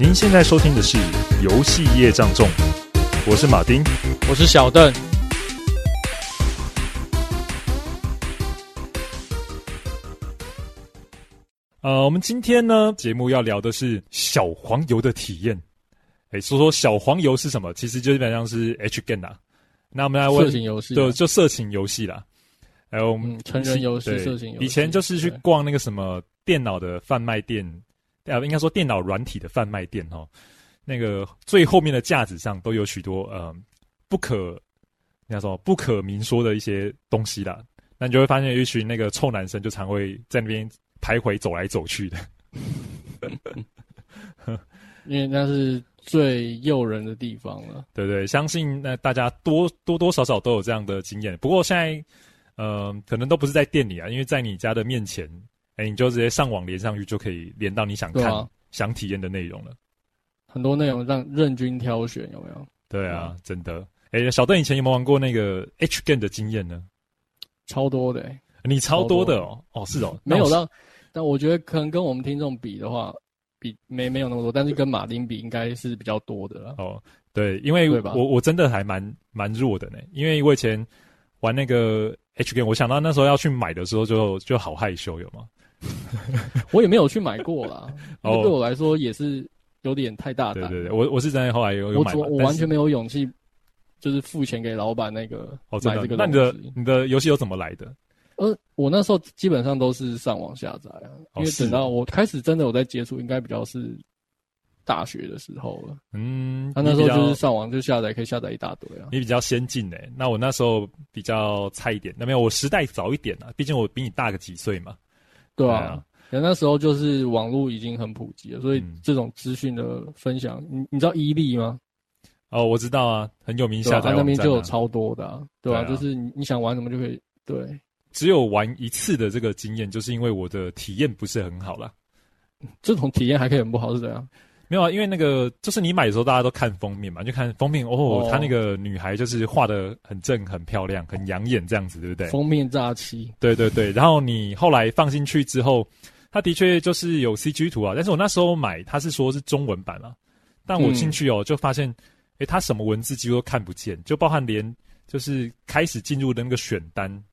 您現在收聽的是《遊戲業障重》，我是馬丁，我是小鄧。呃，我們今天呢，節目要聊的是小黃油的體驗。誒、欸、說說小黃油是什麼？其實就基本上是 H game，那我們來問，就就色情遊戲啦。還、嗯、有成人遊戲，對，以前就是去逛那個什麼電腦的販賣店。呃，應該說電腦軟體的販賣店哦，那個最後面的架子上都有許多呃，不可，那什麼不可明說的一些東西啦。那你就會發現有一群那個臭男生就常會在那邊徘徊走來走去的， 因為那是最誘人的地方了，對不對？相信那大家多多多少少都有這樣的經驗。不過現在，嗯、呃，可能都不是在店裡啊，因為在你家的面前。哎、欸，你就直接上網連上去就可以連到你想看、啊、想體驗的內容了。很多內容讓任君挑選，有沒有？對啊，嗯、真的。哎、欸，小鄧以前有沒有玩過那個 H Game 的經驗呢？超多的，欸，你超多的哦、喔。哦，是哦、喔。沒有啦，但我覺得可能跟我們聽眾比的話，比沒沒有那麼多，但是跟馬丁比應該是比較多的了。哦，對，因為對吧？我我，我真的還蠻蠻弱的呢，欸，因為我以前玩那個 H Game，我想到那時候要去買的時候就，就就好害羞，有嗎？ 我也沒有去買過啦，哦， 對我來說也是有點太大膽。對、對,對我我是真的後來有有買，我、我完全沒有勇氣，就是付錢給老闆那個買這個、哦。那你的你的遊戲又怎麼來的？呃，我那時候基本上都是上網下載、啊哦，因為等到我開始真的有在接觸，應該比較是大學的時候了。嗯，他那時候就是上網就下載，可以下載一大堆啊。你比較先進呢、欸，那我那時候比較菜一點，那沒有，我時代早一點啊，畢竟我比你大個幾歲嘛。對啊，那、啊、那時候就是網絡已經很普及了，所以這種資訊的分享，嗯、你你知道伊利嗎？哦，我知道啊，很有名，下、啊，下載、啊、那邊就有超多的、啊，對啊，對啊，就是你想玩什麼就可以，對，只有玩一次的這個經驗，就是因為我的體驗不是很好啦。這種體驗還可以很不好是怎樣？沒有，啊，因為那個就是你買的時候，大家都看封面嘛，就看封面哦。他、哦、那個女孩就是畫的很正、很漂亮、很養眼這樣子，對不對？封面詐欺，對對對。然後你後來放進去之後，他的確就是有 CG 圖啊。但是我那時候買，他是說是中文版了、啊，但我進去哦，嗯、就發現，誒他什麼文字幾乎都看不見，就包含連就是開始進入的那個選單，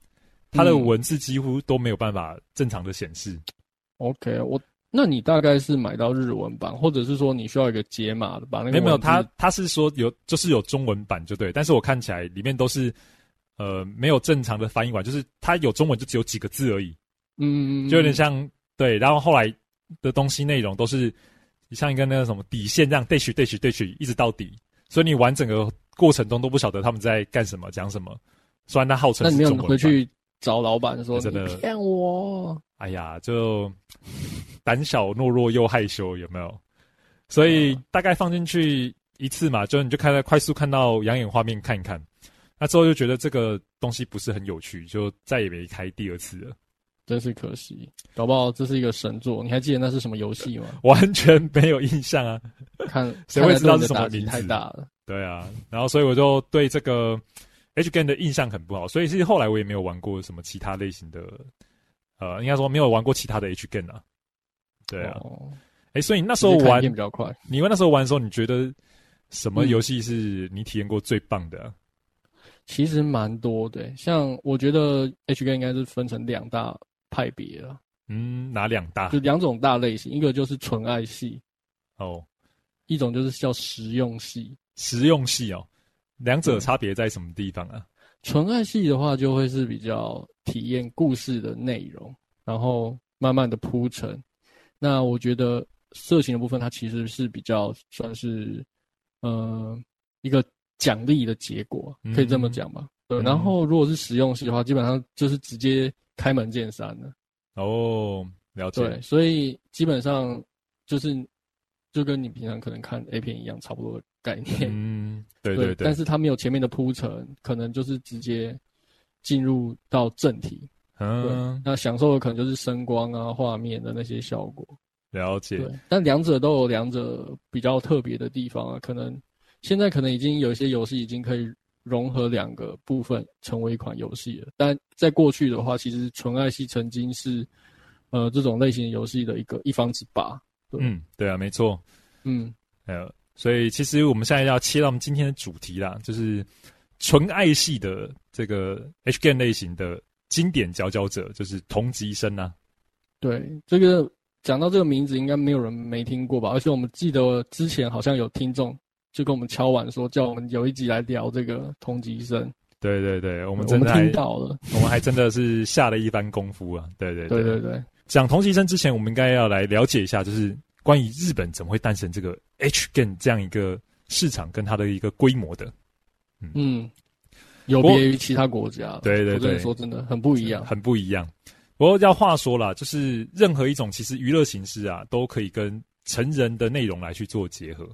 它的文字幾乎都沒有辦法正常的顯示。嗯、OK，我。那你大概是買到日文版，或者是說你需要一個解碼的版那個？沒有沒有，他他是說有，就是有中文版就對。但是我看起來裡面都是，呃，沒有正常的翻譯版，就是它有中文就只有幾個字而已。嗯嗯嗯，就有點像對。然後後來的東西內容都是像一個那個什麼底線這樣，dash dash dash 一直到底，所以你玩整個過程中都不曉得他們在幹什麼講什麼。雖然它號稱，那你怎麼回去找老闆說，對對對，你騙我？哎呀，就。膽小、懦弱，又害羞，有沒有？所以大概放進去一次嘛，就你就看，快速看到養眼畫面，看一看。那之後就覺得這個東西不是很有趣，就再也沒開第二次了。真是可惜，搞不好這是一個神作。你還記得那是什麼遊戲嗎？ 完全沒有印象啊。看誰會知道是什麼名字？太大了。對啊，然後所以我就對這個 H game 的印象很不好。所以其實後來我也沒有玩過什麼其他類型的，呃，應該說沒有玩過其他的 H game 啊。對啊，哎、哦欸，所以你那時候玩比較快。你玩那時候玩的時候，你覺得什麼遊戲是你體驗過最棒的、啊嗯？其實蠻多的、欸，像我覺得 HG 應該是分成兩大派別了。嗯，哪兩大？就兩種大類型，一個就是純愛系，哦，一種就是叫實用系。實用系哦，兩者差別在什麼地方啊？嗯、純愛系的話，就會是比較體驗故事的內容，然後慢慢的鋪陳。那我覺得色情的部分，它其實是比較算是，呃，一個獎勵的結果，可以這麼講吧。嗯嗯，對。然後如果是實用性的話，基本上就是直接開門見山了。哦，了解。對，所以基本上就是就跟你平常可能看 A 片一樣，差不多的概念。嗯，對對對。對，但是他沒有前面的鋪陳，可能就是直接進入到正題。嗯，那享受的可能就是聲光啊、畫面的那些效果。了解。對，但兩者都有兩者比較特別的地方啊。可能現在可能已經有一些遊戲已經可以融合兩個部分成為一款遊戲了。但在過去的話，其實純愛系曾經是呃這種類型遊戲的一個一方之霸。嗯，對啊，沒錯。嗯，還有、yeah，所以其實我們現在要切到我們今天的主題啦，就是純愛系的這個 H game 類型的。經典佼佼者就是同級生吶、啊，對，這個講到這個名字，應該沒有人沒聽過吧？而且我們記得之前好像有聽眾就跟我們敲碗說，叫我們有一集來聊這個同級生。對對對，我們真的我們聽到了，我們還真的是下了一番功夫啊！對對對對對，講同級生之前，我們應該要來了解一下，就是關於日本怎麼會誕生這個 H game 這樣一個市場跟它的一個規模的，嗯。嗯有別於其他國家，對,對對對，說真的很不一樣，很不一樣。不過要話說啦，就是任何一種其實娛樂形式啊，都可以跟成人的內容來去做結合，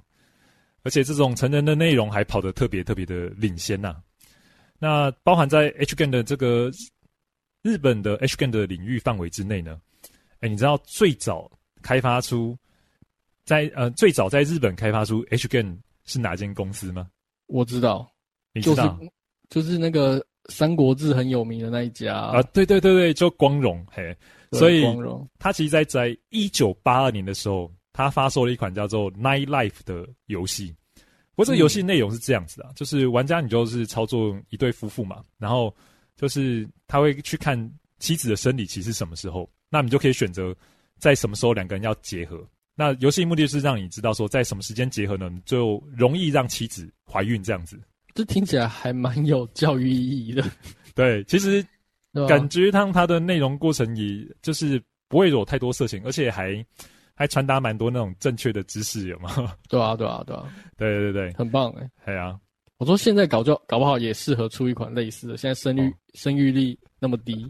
而且這種成人的內容還跑得特別特別的領先吶、啊。那包含在 H Gen 的這個日本的 H Gen 的領域範圍之內呢？哎，你知道最早開發出在呃最早在日本開發出 H Gen 是哪間公司嗎？我知道，你知道。就是就是那個《三國志》很有名的那一家啊、呃，對對對對，就光榮嘿，所以他其實在，在在一九八二年的時候，他發售了一款叫做《Night Life》的遊戲。不過這個遊戲內容是這樣子的、啊，就是玩家你就是操作一對夫婦嘛，然後就是他會去看妻子的生理期是什麼時候，那你就可以選擇在什麼時候兩個人要結合。那遊戲目的是讓你知道說，在什麼時間結合呢，就容易讓妻子懷孕這樣子。這聽起來還蠻有教育意義的，對，其實感覺它它的內容過程也就是不會有太多色情，而且還還傳達蠻多那種正確的知識，有嗎？對啊，對啊，對啊，對對對，很棒哎、欸，對啊。我說現在搞就搞不好也適合出一款類似的。現在生育、哦、生育率那麼低，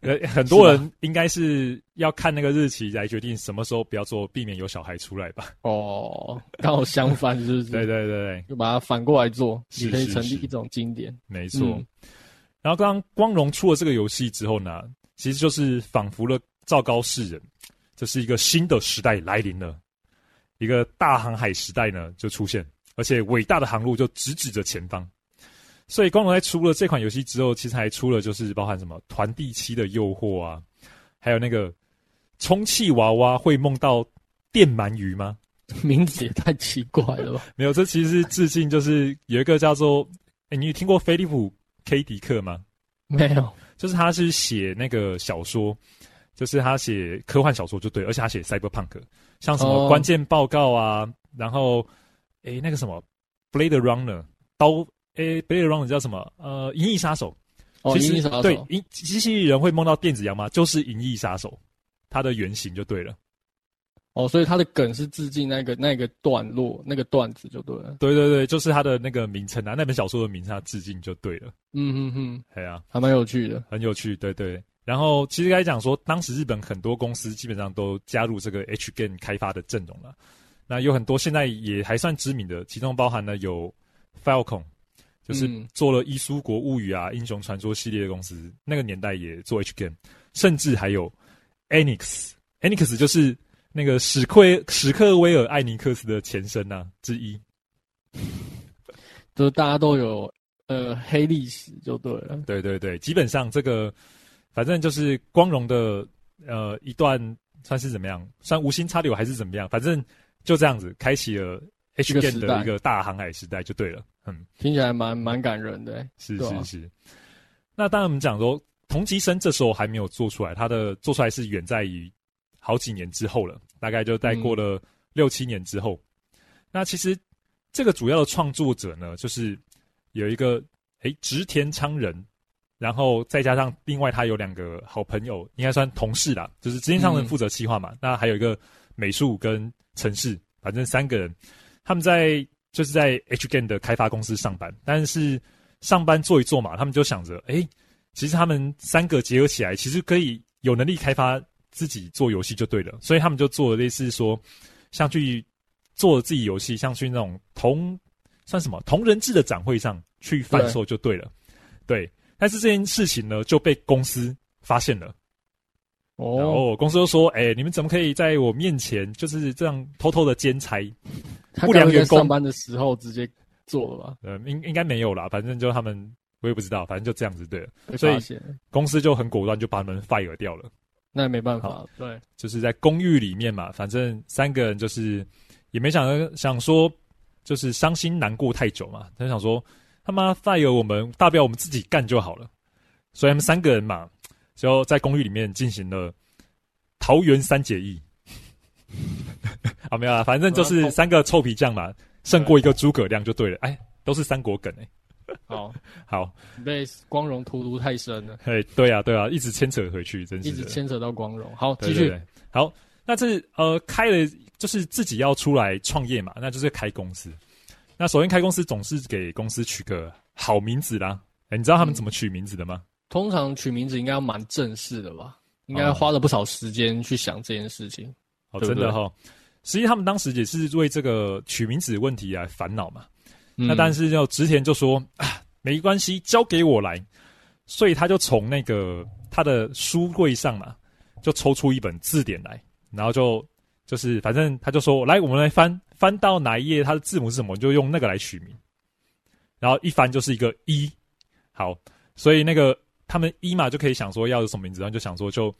呃， 很多人應該是要看那個日期來決定什麼時候不要做，避免有小孩出來吧。哦，剛好相反， 是不是？對對對，對就把它反過來做，也可以成立一種經典。是是是沒錯，嗯。然後剛剛光榮出了這個遊戲之後呢，其實就是仿佛了昭告世人，這、就是一個新的時代來臨了，一個大航海時代呢就出現。而且偉大的航路就直指着前方，所以光榮在出了這款遊戲之後，其實還出了就是包含什麼《團地七的誘惑》啊，還有那個充氣娃娃會夢到電鰻魚嗎？名字也太奇怪了吧 沒有，這其實是致敬，就是有一個叫做誒、欸、你有聽過菲利普 ·K· 迪克嗎？沒有，就是他是寫那個小說，就是他寫科幻小說就對，而且他寫 Cyberpunk，像什麼《關鍵報告》啊，Oh. 然後。哎、欸，那個什麼，Blade Runner，刀，哎、欸、，Blade Runner 叫什麼？呃，銀翼殺手。哦，銀翼殺手。對，銀機器人會夢到電子羊嗎？就是銀翼殺手，它的原型就對了。哦，所以它的梗是致敬那個那個段落，那個段子就對了。對對對，就是它的那個名稱啊，那本小說的名稱，它致敬就對了。嗯嗯嗯，哎呀、啊、還蠻有趣的，很有趣。對對,對，然後其實該講說，當時日本很多公司基本上都加入這個 H Game 開發的陣容了。那有很多現在也還算知名的，其中包含了有 Falcom 就是做了《伊蘇國物語》啊、嗯《英雄傳說》系列的公司，那個年代也做 H game，甚至還有 Enix，Enix Enix 就是那個史奎史克威爾艾尼克斯的前身吶、啊、之一，就是大家都有呃黑歷史就對了、嗯。對對對，基本上這個反正就是光榮的呃一段算是怎麼樣，算無心插柳還是怎麼樣，反正。就這樣子開啟了 H Game 的一個大航海時代，就對了。嗯，聽起來蠻蠻感人的、欸。是、啊、是是，是。那當然我們講說，同級生這時候還沒有做出來，他的做出來是遠在於好幾年之後了，大概就在過了六七年之後、嗯。那其實這個主要的創作者呢，就是有一個誒、欸、蛭田昌人，然後再加上另外他有兩個好朋友，應該算同事啦，就是蛭田昌人負責企劃嘛、嗯，那還有一個。.美術跟城市，反正三個人，他們在就是在 H Game 的開發公司上班，但是上班做一做嘛，他們就想着，誒、欸，其實他們三個結合起來，其實可以有能力開發自己做遊戲就對了，所以他們就做了類似說，像去做自己遊戲，像去那種同算什麼同人志的展會上去販售就對了對，對。但是這件事情呢，就被公司發現了。哦，公司就說：“哎、欸，你們怎麼可以在我面前就是這樣偷偷的兼差，不良員工上班的時候直接做了吧？嗯，應應該沒有啦，反正就他們，我也不知道，反正就這樣子對了。所以公司就很果斷就把他們 fire 掉了。那也沒辦法，對，就是在公寓裡面嘛，反正三個人就是也沒想想說，就是傷心難過太久嘛，他就想說他媽 fire 我們，大不了我們自己幹就好了。所以他們三個人嘛。”就在公寓裡面進行了桃園三結義好、 啊、沒有啊，反正就是三個臭皮匠嘛，勝過一個諸葛亮就對了。哎，都是三國梗哎、欸。好， 好，被光榮荼毒太深了。哎，對啊，對啊，一直牽扯回去，真是，一直牽扯到光榮。好，繼續對對對。好，那這呃，開了就是自己要出來創業嘛，那就是開公司。那首先開公司總是給公司取個好名字啦。哎、欸，你知道他們怎麼取名字的嗎？嗯通常取名字應該要蠻正式的吧？應該花了不少時間去想這件事情，哦，對對哦真的哈、哦。實際他們當時也是為這個取名字問題來煩惱嘛、嗯。那但是就直田就說，啊、沒關係，交給我來。所以他就從那個他的書櫃上嘛，就抽出一本字典來，然後就就是反正他就說，來我們來翻翻到哪一頁，它的字母是什麼，就用那個來取名。然後一翻就是一個一，好，所以那個。他們一、e、嘛就可以想說要什麼名字，然後就想說就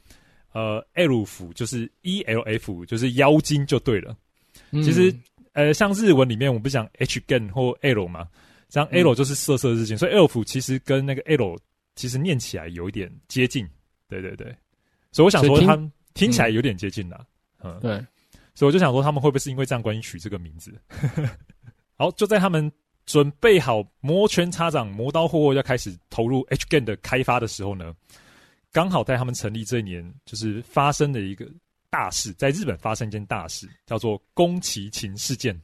呃 Elf 就是 E L F 就是妖精就對了。嗯、其實呃像日文裡面，我們不講 H g n 或 L 嘛，像 L 就是色色日文、嗯，所以 Elf 其實跟那個 L 其實念起來有一點接近，對對對，所以我想說他們聽起來有點接近啦，嗯，嗯對，所以我就想說他們會不會是因為這樣關係取這個名字？呵呵。好，就在他們。準備好摩拳擦掌、磨刀霍霍要開始投入 H game 的開發的時候呢，剛好在他們成立這一年，就是發生了一個大事，在日本發生一件大事，叫做宮崎勤事件。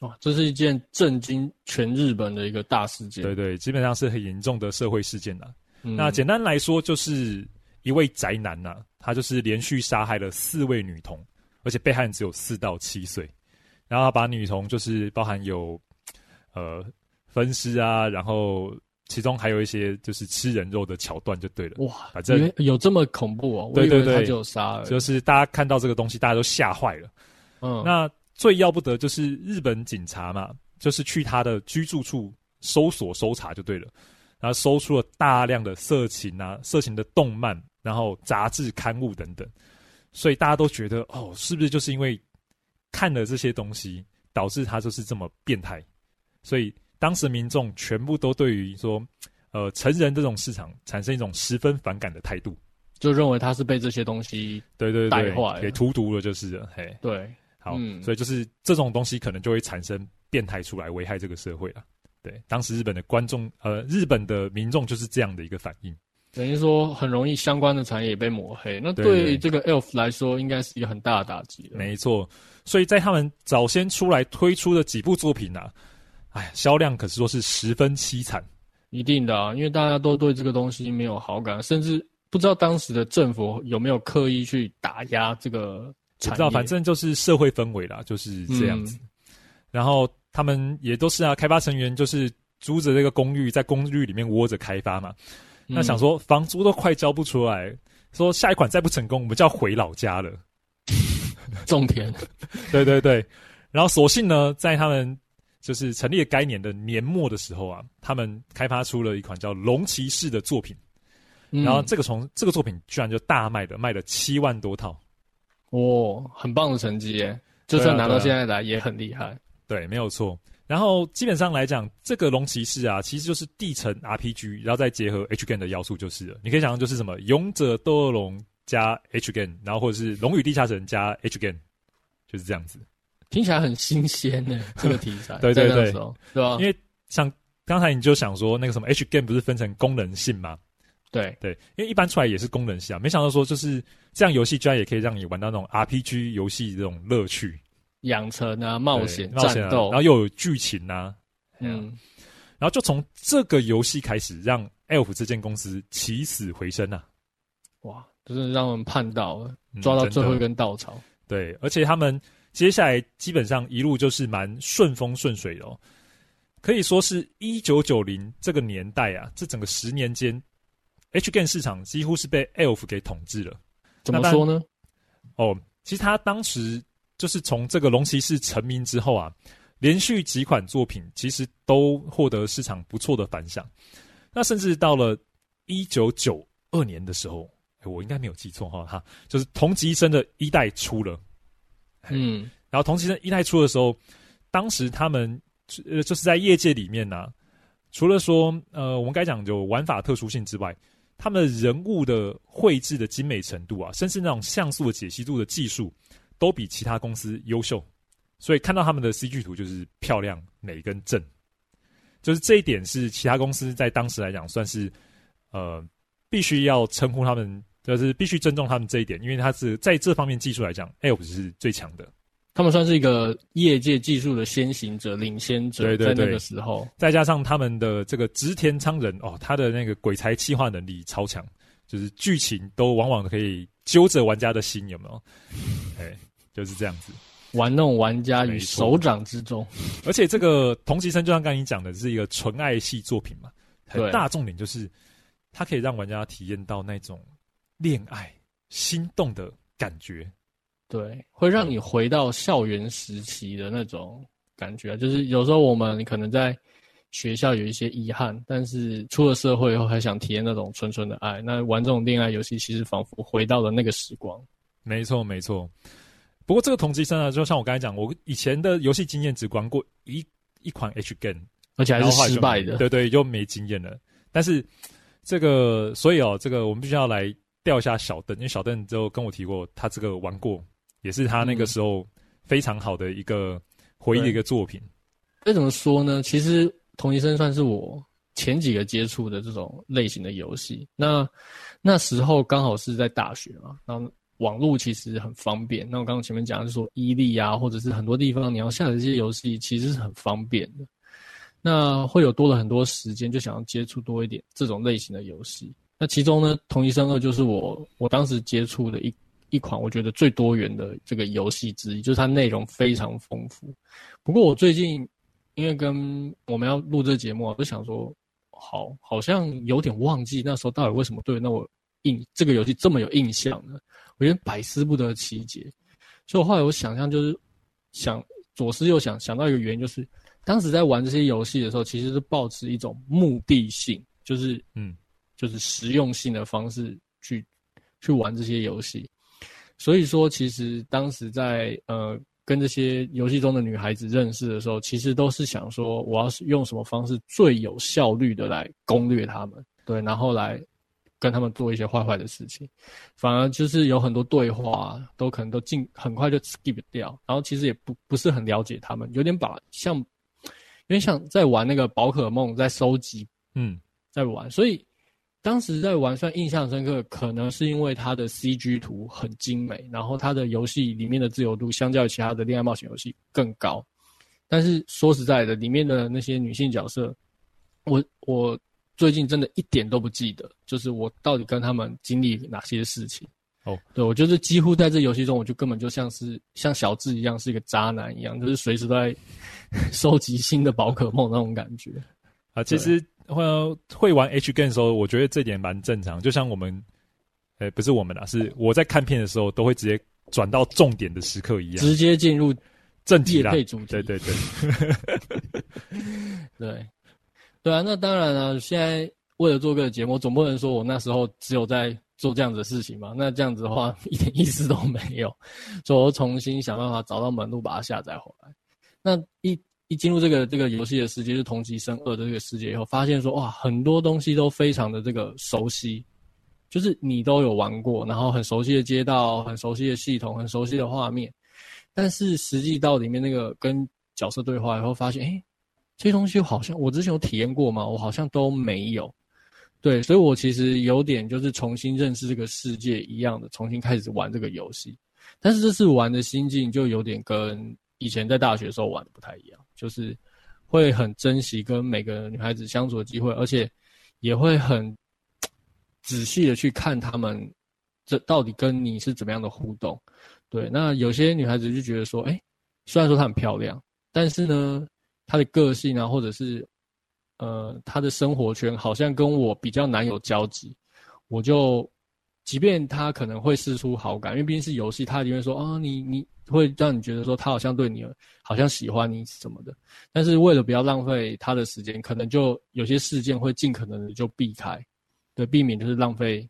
哇，這是一件震驚全、哦、全日本的一個大事件。對對對，基本上是很嚴重的社會事件了、啊嗯。那簡單來說，就是一位宅男吶、啊，他就是連續殺害了四位女童，而且被害人只有四到七歲，然後他把女童就是包含有。呃，分屍啊，然後其中還有一些就是吃人肉的橋段，就對了。哇，反正有這麼恐怖哦！對對對，他就殺了，就是大家看到這個東西，大家都嚇壞了。嗯，那最要不得就是日本警察嘛，就是去他的居住處搜索搜查，就對了，然後搜出了大量的色情啊、色情的動漫，然後雜誌刊物等等，所以大家都覺得哦，是不是就是因為看了這些東西，導致他就是這麼變態？所以當時民眾全部都對於說，呃，成人這種市場產生一種十分反感的態度，就認為他是被這些東西對對對，給荼毒了，就是了嘿，對，好，嗯，所以就是這種東西可能就會產生變態出來，危害這個社會了。對，當時日本的觀眾，呃，日本的民眾就是這樣的一個反應，等於說很容易相關的產業被抹黑，那對於這個 Elf 對對對來說應該是一個很大的打擊。沒錯，所以在他們早先出來推出的幾部作品啊。哎，銷量可是說是十分淒慘，一定的啊，因為大家都對這個東西沒有好感，甚至不知道當時的政府有沒有刻意去打壓這個產業。不知道，反正就是社會氛圍啦，就是這樣子、嗯。然後他們也都是啊，開發成員就是租着這個公寓，在公寓裡面窩着開發嘛。那想說房租都快交不出來、嗯、說，下一款再不成功，我們就要回老家了，種 重田。 對對對，然後索性呢，在他們。就是成立該年的年末的時候啊，他們開發出了一款叫《龍騎士》的作品，然後這個從這個作品居然就大賣的，賣了七萬多套，哇、嗯哦，很棒的成績耶！就算拿到現在來也很厲害對、啊對啊對啊，對，沒有錯。然後基本上來講，這個《龍騎士》啊，其實就是地城 RPG，然後再結合 H game 的要素，就是了你可以想象，就是什麼勇者鬥惡龍加 H game 然後或者是龍與地下城加 H game 就是這樣子。聽起來很新鮮呢、欸，這個題材。 對對對，對，吧、啊？因為像剛才你就想說，那個什麼 H game 不是分成功能性嘛？對對，因為一般出來也是功能性啊。沒想到說，就是這樣遊戲居然也可以讓你玩到那種 RPG 遊戲這種樂趣，養成啊、冒險、戰鬥，然後又有劇情啊，啊。嗯，然後就從這個遊戲開始，讓 Elf 這間公司起死回生啊！哇，就是讓我們盼到了，抓到最後一根稻草。嗯、對，而且他們。接下來基本上一路就是蠻順風順水的，哦，可以說是一九九零這個年代啊，這整個十年間，H game 市場幾乎是被 Elf 給統治了。怎麼說呢？哦，其實他當時就是從這個龍騎士成名之後啊，連續幾款作品其實都獲得市場不錯的反響。那甚至到了一九九二年的時候，我應該沒有記錯哈，哦，哈，就是同級生的一代出了。Hey, 嗯，然後同級生一代出的時候，當時他們呃就是在業界裡面呢、啊，除了說呃我們該講就玩法特殊性之外，他們人物的繪制的精美程度啊，甚至那種像素的解析度的技術，都比其他公司優秀。所以看到他們的 CG 圖就是漂亮、美跟正，就是這一點是其他公司在當時來講算是呃必須要稱呼他們。就是必須尊重他們這一點，因為他是在這方面技術來講，L 是最強的。他們算是一個業界技術的先行者、領先者。對對對。在那個時候，再加上他們的這個植田昌人哦，他的那個鬼才企劃能力超強，就是劇情都往往可以揪着玩家的心，有沒有？哎、欸，就是這樣子，玩弄玩家於手掌之中。而且這個同級生，就像剛才你講的，是一個純愛系作品嘛，很大重點就是他可以讓玩家體驗到那種。戀愛心動的感覺，對，會讓你回到校園時期的那種感覺。就是有時候我們可能在學校有一些遺憾，但是出了社會以後還想體驗那種純純的愛。那玩這種戀愛遊戲，其實仿佛回到了那個時光。沒錯，沒錯。不過這個同級生啊，就像我剛才講，我以前的遊戲經驗只玩過一一款 H game 而且還是失敗的。後後就對,對對，又沒經驗了。但是這個，所以哦，這個我們必須要來。掉下小鄧，因為小鄧之後跟我提過，他這個玩過，也是他那個時候非常好的一個回憶的一個作品。為、嗯、怎麼說呢？其實《同級生》算是我前幾個接觸的這種類型的遊戲。那那時候剛好是在大學嘛，那網絡其實很方便。那我剛剛前面講，就是說伊利啊，或者是很多地方你要下載這些遊戲，其實是很方便的。那會有多了很多時間，就想要接觸多一點這種類型的遊戲。那其中呢，《同級生2》就是我我當時接觸的一一款，我覺得最多元的這個遊戲之一，就是它內容非常豐富。不過我最近因為跟我們要錄這節目啊，我就想說，好，好像有點忘記那時候到底為什麼對那我印這個遊戲這麼有印象呢？我覺得百思不得其解。所以我後來我想象就是想左思右想，想到一個原因，就是當時在玩這些遊戲的時候，其實是抱持一種目的性，就是嗯。就是實用性的方式去去玩這些遊戲，所以說其實當時在呃跟這些遊戲中的女孩子認識的時候，其實都是想說，我要是用什麼方式最有效率的來攻略他們？對，然後來跟他們做一些壞壞的事情，反而就是有很多對話都可能都進很快就 skip 掉，然後其實也不不是很了解他們，有點把像有點像在玩那個寶可夢，在收集，嗯，在玩，所以。當時在玩上印象深刻，可能是因為它的 CG 圖很精美，然後它的遊戲裡面的自由度相較於其他的戀愛冒險遊戲更高。但是說實在的，裡面的那些女性角色，我我最近真的一點都不記得，就是我到底跟他們經歷哪些事情。哦，對，我就是幾乎在這遊戲中，我就根本就像是像小智一樣，是一個渣男一樣，就是隨時都在 收集新的寶可夢那種感覺。啊，其實。或會玩 HGAME 的時候，我覺得這點蠻正常。就像我們，誒、欸，不是我們啦，啊，是我在看片的時候，都會直接轉到重點的時刻一樣，直接進入正題了，對對對， 對，對對啊。那當然了，啊，現在為了做個節目，總不能說我那時候只有在做這樣子的事情嘛。那這樣子的話，一點意思都沒有，所以我重新想辦法找到門路，把它下載回來。那一。一進入這個這個遊戲的世界，就是同級生二的這個世界以後，發現說哇，很多東西都非常的這個熟悉，就是你都有玩過，然後很熟悉的街道、很熟悉的系統、很熟悉的畫面。但是實際到裡面那個跟角色對話以後，發現誒，這些東西好像我之前有體驗過嗎？我好像都沒有。對，所以我其實有點就是重新認識這個世界一樣的，重新開始玩這個遊戲。但是這次玩的心境就有點跟。以前在大學的時候玩的不太一樣，就是會很珍惜跟每個女孩子相處的機會，而且也會很仔細的去看她們這到底跟你是怎麼樣的互動。對，那有些女孩子就覺得說，哎、欸，雖然說她很漂亮，但是呢，她的個性啊，或者是呃，她的生活圈好像跟我比較難有交集，我就。即便他可能會釋出好感，因為畢竟是遊戲，他裡面說哦，你你會讓你覺得說他好像對你好像喜歡你什麼的。但是為了不要浪費他的時間，可能就有些事件會盡可能的就避開，對，避免就是浪費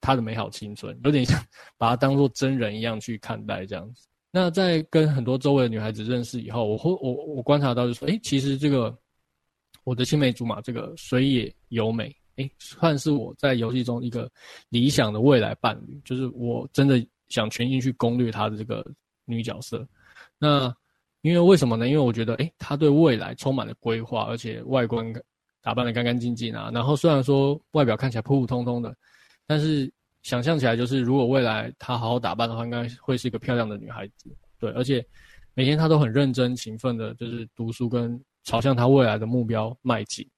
他的美好青春，有點像把他當作真人一樣去看待這樣子。那在跟很多周圍的女孩子認識以後，我會我我觀察到就是說，哎、欸，其實這個我的青梅竹馬這個水野由美。誒，算是我在遊戲中一個理想的未來伴侶，就是我真的想全心去攻略她的這個女角色。那因為為什麼呢？因為我覺得，誒，她對未來充滿了規劃，而且外觀打扮得干干淨淨啊。然後雖然說外表看起來普普通通的，但是想象起來就是，如果未來她好好打扮的話，應該會是一個漂亮的女孩子。對，而且每天她都很認真勤奮的，就是讀書跟朝向她未來的目標邁進。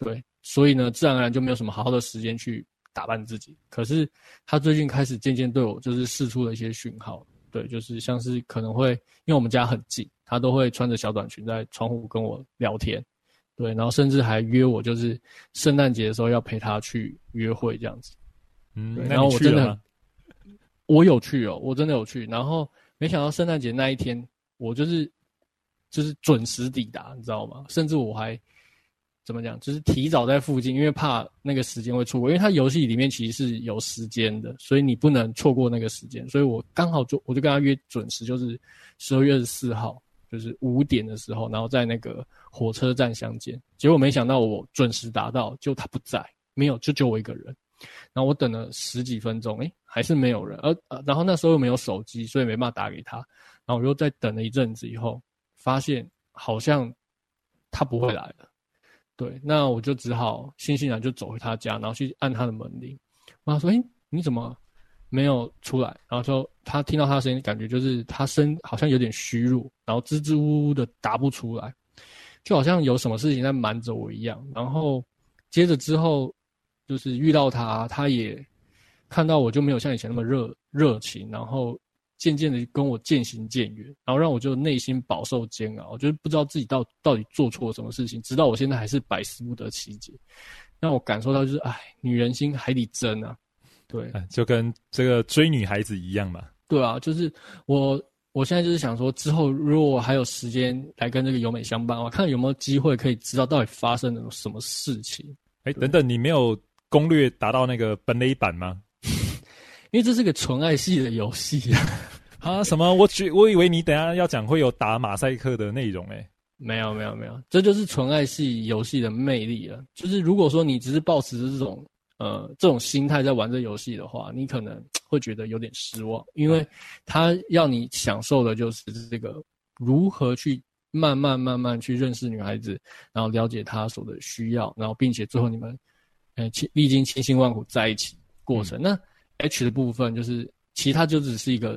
對。所以呢，自然而然就沒有什麼好好的時間去打扮自己。可是他最近開始漸漸對我，就是釋出了一些訊號，對，就是像是可能會因為我們家很近，他都會穿着小短裙在窗戶跟我聊天，對，然後甚至還約我，就是聖誕節的時候要陪他去約會這樣子。嗯，然後，真的，嗯，然後我覺得。我有去哦，我真的有去。然後沒想到聖誕節那一天，我就是就是準時抵達，你知道嗎？甚至我還。怎麼講？就是提早在附近，因為怕那個時間會錯過，因為他遊戲裡面其實是有時間的，所以你不能錯過那個時間。所以我剛好就我就跟他約準時，就是十二月二十四號，就是五點的時候，然後在那個火車站相見。結果沒想到我準時達到，就他不在，沒有，就就我一個人。然後我等了十幾分鐘，哎，還是沒有人。呃，然後那時候又沒有手機，所以沒辦法打給他。然後我又再等了一陣子以後，發現好像他不會來了。哦對，那我就只好悻悻然就走回他家，然後去按他的門鈴。我說：“哎、欸，你怎麼沒有出來？”然後就他聽到他的聲音，感覺就是他聲好像有點虛弱，然後支支吾吾的答不出來，就好像有什麼事情在瞞着我一樣。然後接着之後，就是遇到他，他也看到我就沒有像以前那麼熱熱情，然後。漸漸的跟我漸行漸遠，然後讓我就內心飽受煎熬。我就是不知道自己到到底做錯了什麼事情，直到我現在還是百思不得其解。讓我感受到就是，哎，女人心海底針啊，對，就跟這個追女孩子一樣嘛。對啊，就是我我現在就是想說，之後如果我還有時間來跟這個由美相伴的話，看有沒有機會可以知道到底發生了什麼事情。哎，等等，你沒有攻略達到那個本壘板嗎？因為這是個純愛系的遊戲啊！ 啊，什麼？我覺得，我以為你等一下要講會有打馬賽克的內容哎、欸，沒有沒有沒有，這就是純愛系遊戲的魅力了。就是如果說你只是抱持這種呃這種心態在玩這遊戲的話，你可能會覺得有點失望，因為他要你享受的就是這個如何去慢慢慢慢去認識女孩子，然後了解她所的需要，然後並且最後你們嗯歷經千辛萬苦在一起過程那。嗯 H 的部分就是，其他就只是一個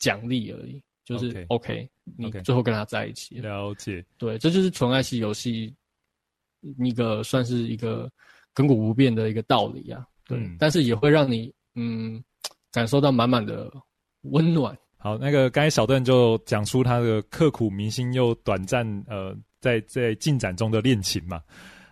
獎勵而已，就是 OK, okay、啊、你最後跟他在一起了 okay。了解，對，這就是純愛系遊戲一個算是一個亘古不變的一個道理啊。對，嗯、但是也會讓你嗯感受到滿滿的溫暖。好，那個剛才小鄧就講出他的刻骨銘心又短暫呃，在在進展中的戀情嘛。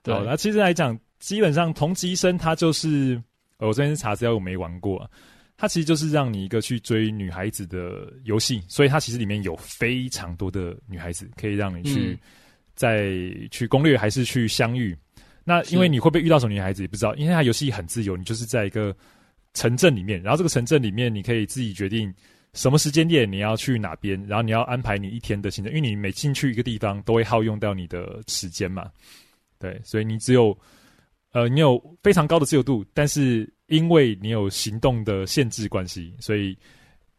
對，那其實來講，基本上同級生他就是。呃，我這邊查資料，我沒玩過、啊。它其實就是讓你一個去追女孩子的遊戲，所以它其實裡面有非常多的女孩子，可以讓你去在去攻略，還是去相遇。嗯、那因為你會不會遇到什麼女孩子也不知道，因為它遊戲很自由，你就是在一個城鎮裡面，然後這個城鎮裡面你可以自己決定什麼時間點你要去哪邊，然後你要安排你一天的行程，因為你每進去一個地方都會耗用掉你的時間嘛。對，所以你只有。呃，你有非常高的自由度，但是因為你有行動的限制關係，所以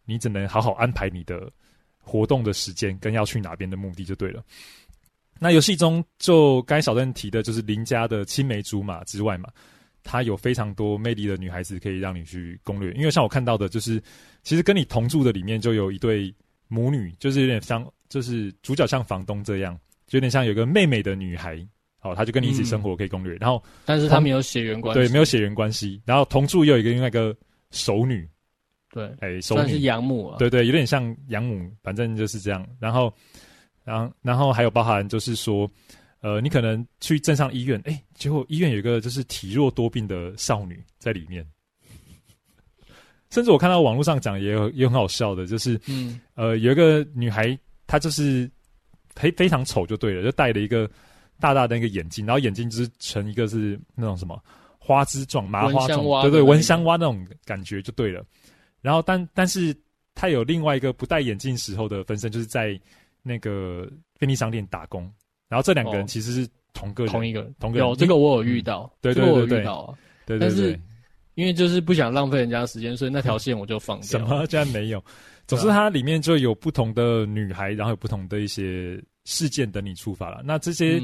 你只能好好安排你的活動的時間跟要去哪邊的目的就對了。那遊戲中就剛才小鄧提的，就是鄰家的青梅竹馬之外嘛，他有非常多魅力的女孩子可以讓你去攻略。因為像我看到的，就是其實跟你同住的裡面就有一對母女，就是有點像，就是主角像房東這樣，就有點像有個妹妹的女孩。好、哦，他就跟你一起生活，可以攻略、嗯。然後，但是他沒有血緣關係，對，沒有血緣關係。然後同住又有一個另外一個熟女，對，哎、欸，熟女是養母、啊，對對，有點像養母，反正就是這樣。然後，然後，然後還有包含就是說，呃，你可能去鎮上醫院，哎，結果醫院有一個就是體弱多病的少女在裡面。甚至我看到網絡上講也有也很好笑的，就是，嗯，呃，有一個女孩，她就是非非常醜，就對了，就帶了一個。大大的一個眼鏡，然後眼鏡就是成一個是那種什麼花枝狀、麻花狀，對，對對？蚊香蛙那種感覺就對了。然後但但是他有另外一個不戴眼鏡時候的分身，就是在那個便利商店打工。然後這兩個人其實是同個人、哦，同一個人，同個有這個我有遇到，對、嗯這個、我有遇到、啊嗯、對，對，對對對，但是因為就是不想浪費人家時間，所以那條線我就放掉了。什麼？居然沒有？總之，它裡面就有不同的女孩，嗯、然後有不同的一些。事件等你觸發了。那這些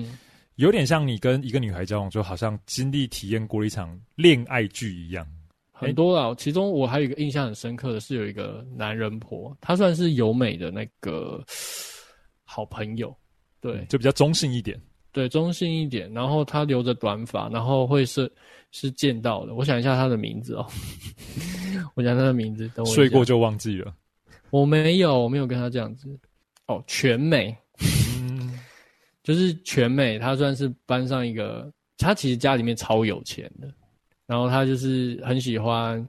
有點像你跟一個女孩交往，嗯、就好像經歷體驗過一場戀愛劇一樣。欸、很多了，其中我還有一個印象很深刻的是，有一個男人婆，她算是尤美的那個好朋友，對、嗯，就比較中性一點，對，中性一點。然後她留着短髮，然後會是是見到的。我想一下她的名字哦、喔， 我想她的名字等我，睡過就忘記了。我沒有，我沒有跟她這樣子。哦，全美。就是全美，他算是班上一個，他其實家裡面超有錢的，然後他就是很喜歡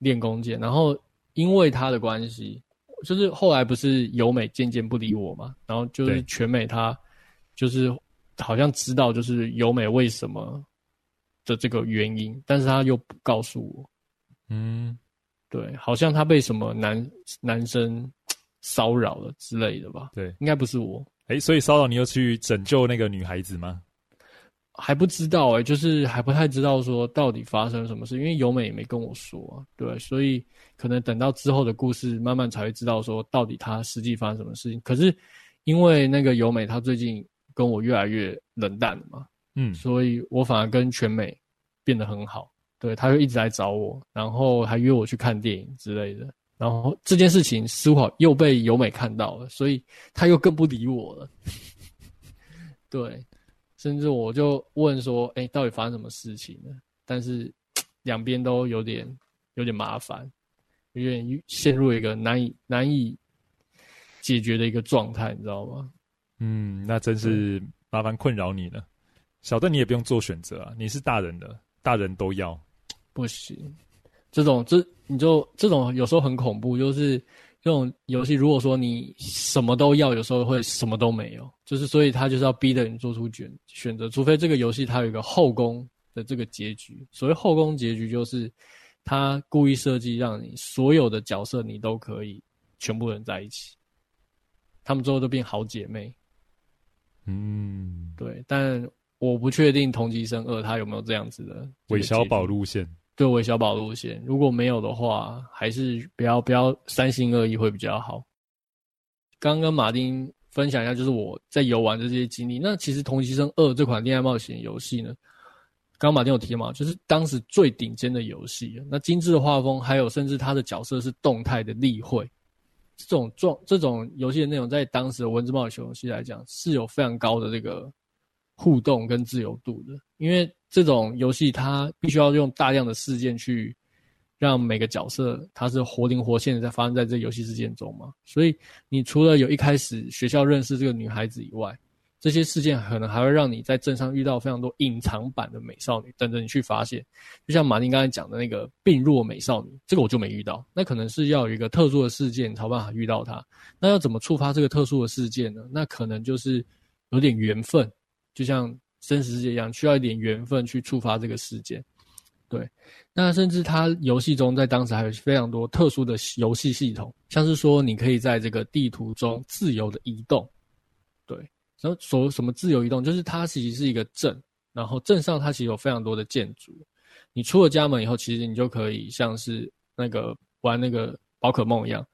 練弓箭，然後因為他的關係，就是後來不是由美漸漸不理我嘛，然後就是全美他就是好像知道就是由美為什麼的這個原因，但是他又不告訴我，嗯，對，好像他被什麼男男生騷擾了之類的吧，對，應該不是我。誒，所以騷擾你又去拯救那個女孩子嗎？還不知道誒、欸，就是還不太知道說到底發生了什麼事，因為尤美也沒跟我說、啊，對，所以可能等到之後的故事，慢慢才會知道說到底她實際發生什麼事情。可是因為那個尤美，她最近跟我越來越冷淡了嘛，嗯，所以我反而跟全美變得很好，對，她就一直來找我，然後還約我去看電影之類的。然後這件事情似乎好又被由美看到了，所以他又更不理我了。 對，甚至我就問說：“哎，到底發生什麼事情了？”但是兩邊都有點有點麻煩，有點陷入一個難以難以解決的一個狀態，你知道嗎？嗯，那真是麻煩困擾你了，嗯、小鄧，你也不用做選擇啊，你是大人的，大人都要不行。這種這你就這種有時候很恐怖，就是這種遊戲，如果說你什麼都要，有時候會什麼都沒有，就是所以他就是要逼着你做出選選擇，除非這個遊戲它有一個後宮的這個結局。所謂後宮結局，就是他故意設計讓你所有的角色你都可以全部人在一起，他們最後都變好姐妹。嗯，對，但我不確定同級生二他有沒有這樣子的韋小寶路線。對，韋小寶路線，如果沒有的話，還是不要不要三心二意會比較好。剛剛跟馬丁分享一下，就是我在遊玩的這些經歷。那其實《同級生二》這款戀愛冒險遊戲呢，剛剛馬丁有提到嘛，就是當時最頂尖的遊戲。那精緻的畫風，還有甚至它的角色是動態的立繪，這種狀這種遊戲的內容，在當時的文字冒險遊戲來講，是有非常高的這個互動跟自由度的，因為。這種遊戲它必須要用大量的事件去讓每個角色，它是活靈活現的在發生在這遊戲事件中嘛。所以你除了有一開始學校認識這個女孩子以外，這些事件可能還會讓你在鎮上遇到非常多隱藏版的美少女等着你去發現。就像馬丁剛才講的那個病弱美少女，這個我就沒遇到。那可能是要有一個特殊的事件才有辦法遇到她。那要怎麼觸發這個特殊的事件呢？那可能就是有點緣分，就像。真實世界一樣，需要一點緣分去觸發這個事件。對，那甚至它遊戲中在當時還有非常多特殊的遊戲系統，像是說你可以在這個地圖中自由的移動。對，然後所謂什麼自由移動，就是它其實是一個鎮，然後鎮上它其實有非常多的建築。你出了家門以後，其實你就可以像是那個玩那個寶可夢一樣，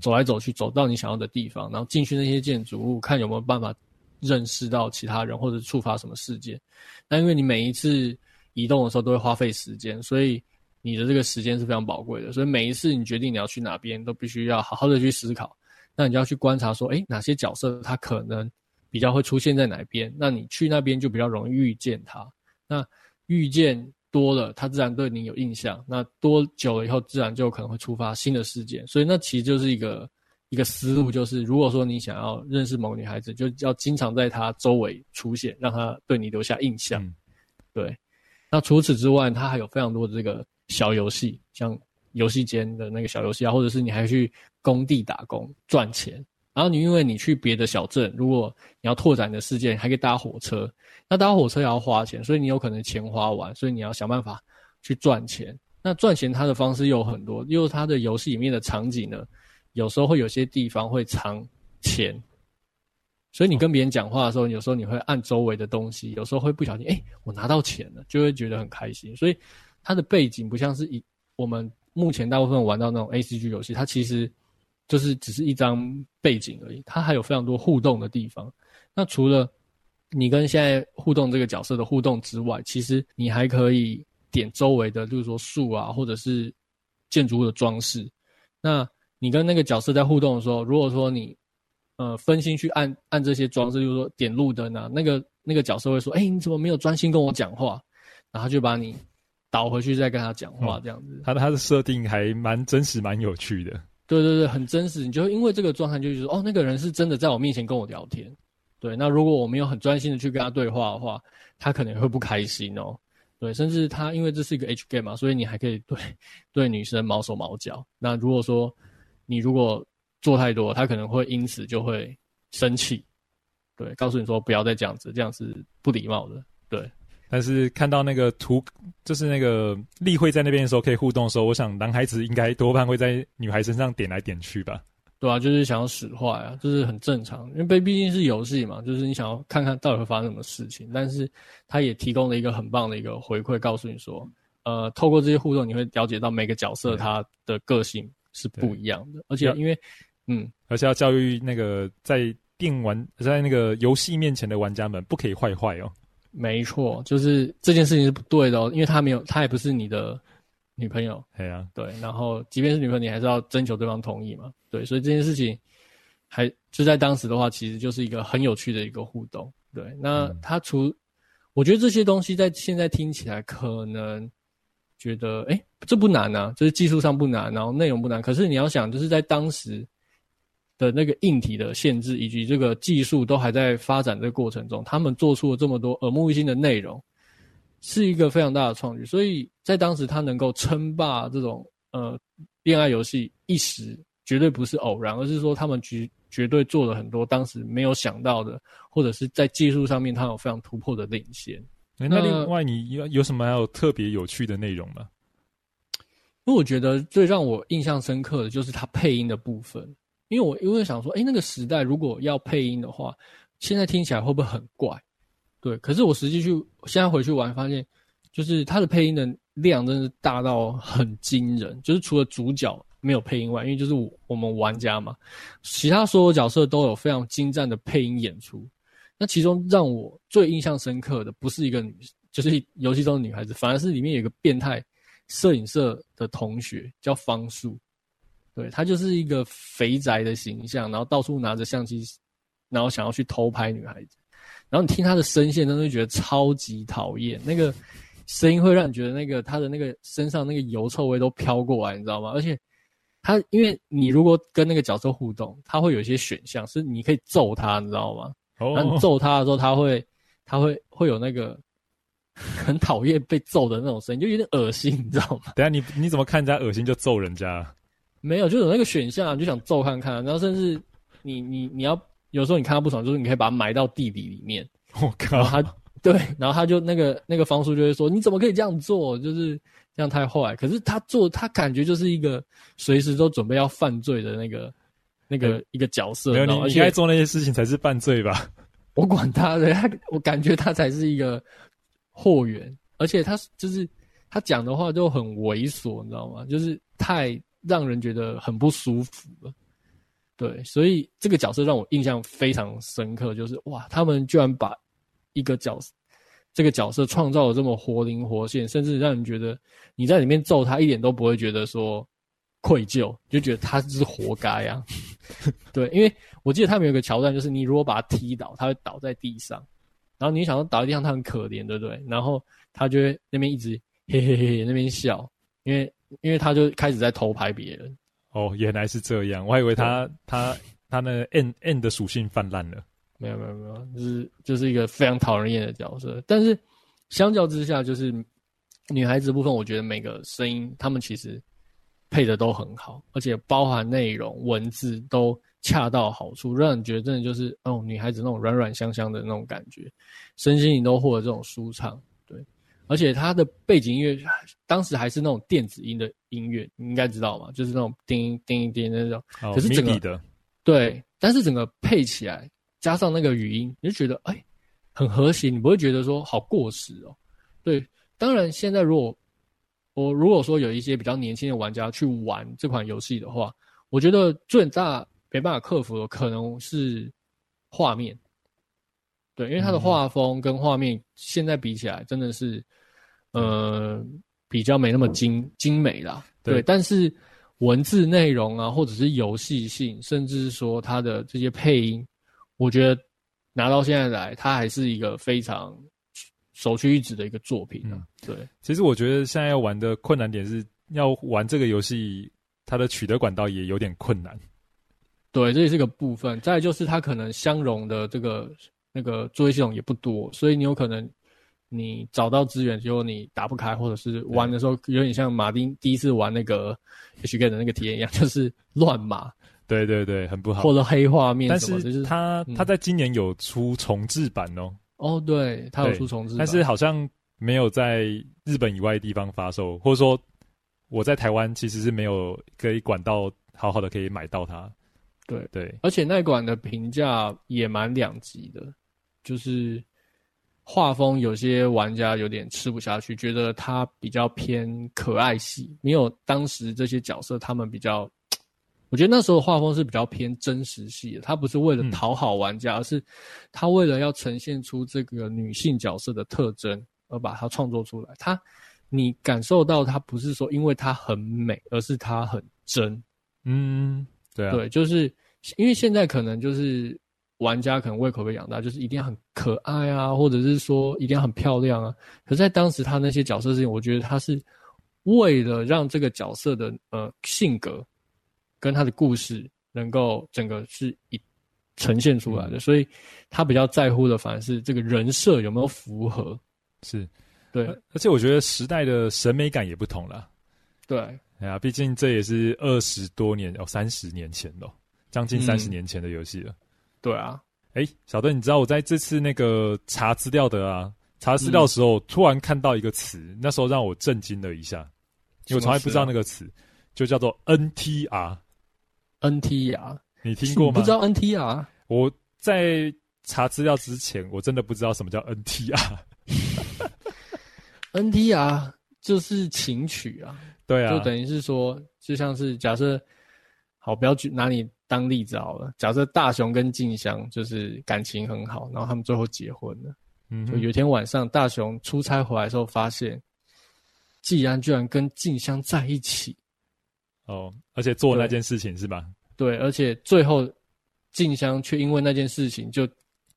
走來走去，走到你想要的地方，嗯、然後進去那些建築物，看有沒有辦法。認識到其他人或者觸發什麼事件，那因為你每一次移動的時候都會花費時間，所以你的這個時間是非常寶貴的。所以每一次你決定你要去哪邊，都必須要好好的去思考。那你就要去觀察說，哎、欸，哪些角色他可能比較會出現在哪邊，那你去那邊就比較容易遇見他。那遇見多了，他自然對你有印象。那多久了以後，自然就可能會觸發新的事件。所以那其實就是一個。一個思路就是，如果說你想要認識某個女孩子，就要經常在她周圍出現，讓她對你留下印象。嗯。對，那除此之外，它還有非常多的這個小遊戲，像遊戲間的那個小遊戲啊，或者是你還去工地打工賺錢。然後你因為你去別的小鎮，如果你要拓展你的世界，還可以搭火車。那搭火車也要花錢，所以你有可能錢花完，所以你要想辦法去賺錢。那賺錢它的方式又有很多。嗯，因為它的遊戲裡面的場景呢。有時候會有些地方會藏錢，所以你跟別人講話的時候，有時候你會按周圍的東西，有時候會不小心，哎、欸，我拿到錢了，就會覺得很開心。所以它的背景不像是一我們目前大部分玩到那種 ACG 遊戲，它其實就是只是一張背景而已。它還有非常多互動的地方。那除了你跟現在互動這個角色的互動之外，其實你還可以點周圍的，就是說樹啊，或者是建築物的裝飾，那。你跟那個角色在互動的時候，如果說你，呃，分心去按按這些裝置，就是說點路燈啊，那個那個角色會說：“哎、欸，你怎麼沒有專心跟我講話？”然後他就把你倒回去再跟他講話這樣子。他、哦、他的設定還蠻真實，蠻有趣的。對對對，很真實。你就因為這個狀態、就是，就覺得哦，那個人是真的在我面前跟我聊天。對，那如果我沒有很專心的去跟他對話的話，他可能會不開心哦。對，甚至他因為這是一個 H game 嘛，所以你還可以對對女生毛手毛腳。那如果說你如果做太多，他可能會因此就會生氣，對，告訴你說不要再這樣子，這樣是不禮貌的，對。但是看到那個圖，就是那個立繪在那邊的時候可以互動的時候，我想男孩子應該多半會在女孩身上點來點去吧，對啊，就是想要使壞啊，就是很正常，因為畢竟是遊戲嘛，就是你想要看看到底會發生什麼事情。但是他也提供了一個很棒的一個回饋，告訴你說，呃，透過這些互動，你會了解到每個角色他的個性。是不一樣的，而且因為，嗯，而且要教育那個在電玩、在那個遊戲面前的玩家們，不可以壞壞哦。沒錯，就是這件事情是不對的哦，因為他沒有，他也不是你的女朋友。對、嗯、啊，對。然後，即便是女朋友，你還是要徵求對方同意嘛。對，所以這件事情還就在當時的話，其實就是一個很有趣的一個互動。對，那他除，嗯、我覺得這些東西在現在聽起來可能。覺得哎、欸，這不難啊，就是技術上不難，然後內容不難。可是你要想，就是在當時的那個硬體的限制，以及這個技術都還在發展這個過程中，他們做出了這麼多耳目一新的內容，是一個非常大的創舉。所以在當時，他能夠稱霸這種呃戀愛遊戲一時，絕對不是偶然，而是說他們絕絕對做了很多當時沒有想到的，或者是在技術上面他有非常突破的領先。那另外，你有有什麼要特別有趣的內容嗎？因為我覺得最讓我印象深刻的就是它配音的部分，因為我因為想說，哎，那個時代如果要配音的話，現在聽起來會不會很怪？對，可是我實際去現在回去玩，發現就是它的配音的量真的大到很驚人。就是除了主角沒有配音外，因為就是我我們玩家嘛，其他所有角色都有非常精湛的配音演出。那其中讓我最印象深刻的，不是一個女，就是遊戲中的女孩子，反而是裡面有一個變態攝影社的同學，叫方樹。對，他就是一個肥宅的形象，然後到處拿着相機，然後想要去偷拍女孩子。然後你聽他的聲線，真的會覺得超級討厭。那個聲音會讓你覺得那個他的那個身上那個油臭味都飄過來，你知道嗎？而且他因為你如果跟那個角色互動，他會有一些選項，是你可以揍他，你知道嗎？然後你揍他的時候，他會，他會會有那個很討厭被揍的那種聲音，就有點噁心，你知道嗎？等一下你你怎麼看人家噁心就揍人家？沒有，就有那個選項，就想揍看看。然後甚至你你你要有時候你看他不爽，就是你可以把他埋到地底裡面。我、oh、靠！對，然後他就那個那個方叔就會說：“你怎麼可以這樣做？就是這樣太壞。”可是他做他感覺就是一個隨時都準備要犯罪的那個。那個一個角色，嗯，沒有，你應該做那些事情才是犯罪吧？我管他的，他我感覺他才是一個禍源，而且他就是他講的話就很猥瑣，你知道嗎？就是太讓人覺得很不舒服了。對，所以這個角色讓我印象非常深刻，就是哇，他們居然把一個角色這個角色創造的這麼活靈活現，甚至讓人覺得你在裡面揍他一點都不會覺得說愧疚，就覺得他是活該啊。 對，因為我記得他們有一個橋段，就是你如果把他踢倒，他會倒在地上，然後你想到倒在地上他很可憐，對不對？然後他就會那邊一直嘿嘿嘿那邊笑，因為因為他就開始在偷拍別人。哦，原來是這樣，我還以為他他他那個 n n 的屬性泛濫了。沒有沒有沒有，就是就是一個非常討人厭的角色。但是相較之下，就是女孩子部分，我覺得每個聲音他們其實。配的都很好，而且包含內容文字都恰到好處，讓你覺得真的就是哦，女孩子那種軟軟香香的那種感覺，身心裡都獲得這種舒暢。對，而且它的背景音樂當時還是那種電子音的音樂，你應該知道吧，就是那種叮叮叮的那種、哦，可是整個的對，但是整個配起來加上那個語音，你就覺得哎、欸，很和諧，你不會覺得說好過時哦。對，當然現在如果。我如果說有一些比較年輕的玩家去玩這款遊戲的話，我覺得最大沒辦法克服的可能是畫面，對，因為它的畫風跟畫面現在比起來真的是，嗯、呃，比較沒那麼精精美啦，對。對，但是文字內容啊，或者是遊戲性，甚至是說它的這些配音，我覺得拿到現在來，它還是一個非常首屈一指的一個作品、嗯、對。其實我覺得現在要玩的困難點是要玩這個遊戲，它的取得管道也有點困難。對，這也是個部分。再就是它可能相容的這個那個作業系統也不多，所以你有可能你找到資源之後你打不開，或者是玩的時候有點像馬丁第一次玩那個 HK 的那個體驗一樣，就是亂碼。對對對，很不好。或者黑畫面什麼，但是它它、嗯、在今年有出重製版哦。哦、oh，對，它有出重製，但是好像沒有在日本以外的地方發售，或者說我在台灣其實是沒有可以管到好好的可以買到它。對對，而且那一款的評價也蠻兩極的，就是畫風有些玩家有點吃不下去，覺得它比較偏可愛系，沒有當時這些角色他們比較。我覺得那時候畫風是比較偏真實系的，它不是為了討好玩家、嗯，而是它為了要呈現出這個女性角色的特徵而把它創作出來。它，你感受到它不是說因為它很美，而是它很真。嗯，對啊，對，就是因為現在可能就是玩家可能胃口被養大，就是一定要很可愛啊，或者是說一定要很漂亮啊。可是在當時他那些角色設定，我覺得他是為了讓這個角色的呃性格。跟他的故事能夠整個是一呈現出來的、嗯，所以他比較在乎的反而是這個人設有沒有符合，是，對，而且我覺得時代的審美感也不同了，對，哎、啊、呀，畢竟這也是二十多年哦，三十年前哦，將近三十年前的遊、哦、戲了、嗯，對啊，哎、欸，小鄧，你知道我在這次那個查資料的啊，查資料的時候，突然看到一個詞、嗯，那時候讓我震驚了一下，啊、因為我從來不知道那個詞，就叫做 NTR。N T R，你聽過嗎？不知道 N T R，我在查資料之前，我真的不知道什麼叫 N T R。 N T R 就是情趣啊，對啊，就等於是說，就像是假設，好，不要拿你當例子好了。假設大雄跟靜香就是感情很好，然後他們最後結婚了。嗯，有一天晚上，大雄出差回來時候，發現技安居然跟靜香在一起。哦，而且做那件事情是吧？對，而且最後靜香卻因為那件事情就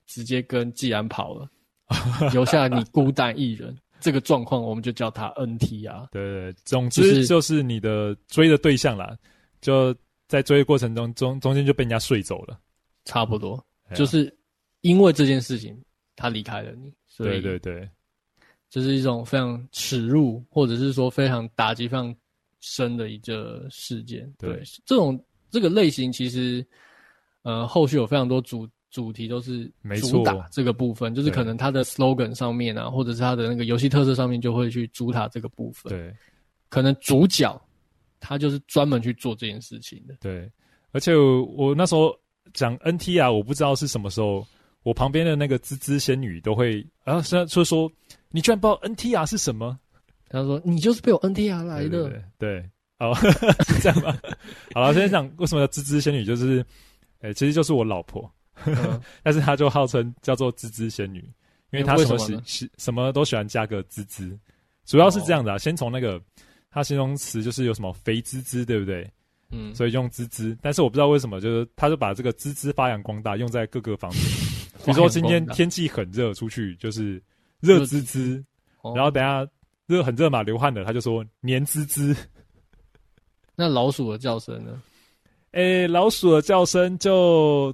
直接跟紀安跑了， 留下你孤單一人。 這個狀況我們就叫他 NTR。對，對對，總之就是你的追的對象啦，就、是、就在追的過程中中中間就被人家睡走了，差不多、嗯啊、就是因為這件事情他離開了你。所以對，對對對，這、就是一種非常恥辱，或者是說非常打擊，非常。生的一個事件，對，對這種這個類型，其實呃，後續有非常多主主題都是主打這個部分，就是可能它的 slogan 上面啊，或者是它的那個遊戲特色上面就會去主打這個部分。對，可能主角他就是專門去做這件事情的。對，而且我，我那時候講 NTR，我不知道是什麼時候，我旁邊的那個吱吱仙女都會啊，現在所以說你居然不知道 NTR 是什麼？他說：“你就是被我 NTR 來的。”對哦對對，對 oh, 是這樣吧。 好了，現在講為什麼叫“滋滋仙女”，就是、欸，其實就是我老婆，嗯、 但是她就號稱叫做“滋滋仙女”，因為她什麼喜喜、欸、什,什麼都喜歡加個“滋滋”，主要是這樣的啊。哦、先從那個她形容詞就是有什麼“肥滋滋”，對不對？嗯，所以用“滋滋”，但是我不知道為什麼，就是她就把這個“滋滋”發揚光大，用在各個方面。比如說今天天氣很熱，出去就是茲茲“熱滋滋”，然後等下。熱很熱嘛，流汗的，他就說黏滋滋。那老鼠的叫聲呢？哎、欸，老鼠的叫聲就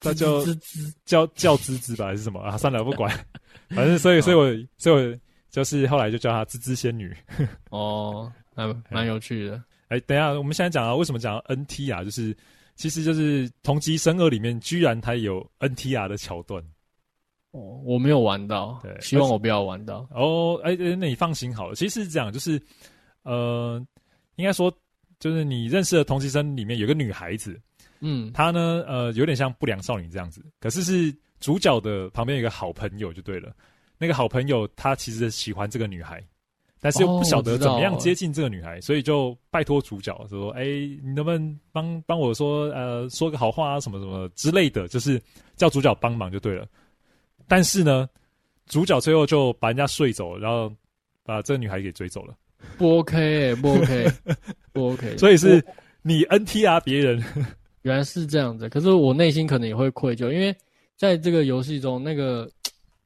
它就叫滋滋，叫滋滋吧，還是什麼啊？算了，不管，反正所以，所以我，哦、所以我就是後來就叫它滋滋仙女。哦，蠻蠻有趣的。哎、欸，等一下，我們現在講啊，為什麼講 NTR？、啊、就是其實就是同級生二裡面居然它有 NTR 的橋段。我我沒有玩到，對，希望我不要玩到。哦，哎、欸，那你放心好了。其實是這樣，就是，呃，應該說，就是你認識的同級生裡面有個女孩子，嗯，她呢，呃，有點像不良少女這樣子。可是是主角的旁邊有個好朋友就對了，那個好朋友他其實喜歡這個女孩，但是又不曉得怎麼樣接近這個女孩，哦、所以就拜托主角說：“哎、欸，你能不能幫幫我說，呃，說個好話啊，什麼什麼之類的，就是叫主角幫忙就對了。”但是呢，主角最後就把人家睡走，然後把這個女孩給追走了。不 OK，不 OK， 不 OK。所以是你 NTR 別人，原來是這樣子。可是我內心可能也會愧疚，因為在這個遊戲中，那個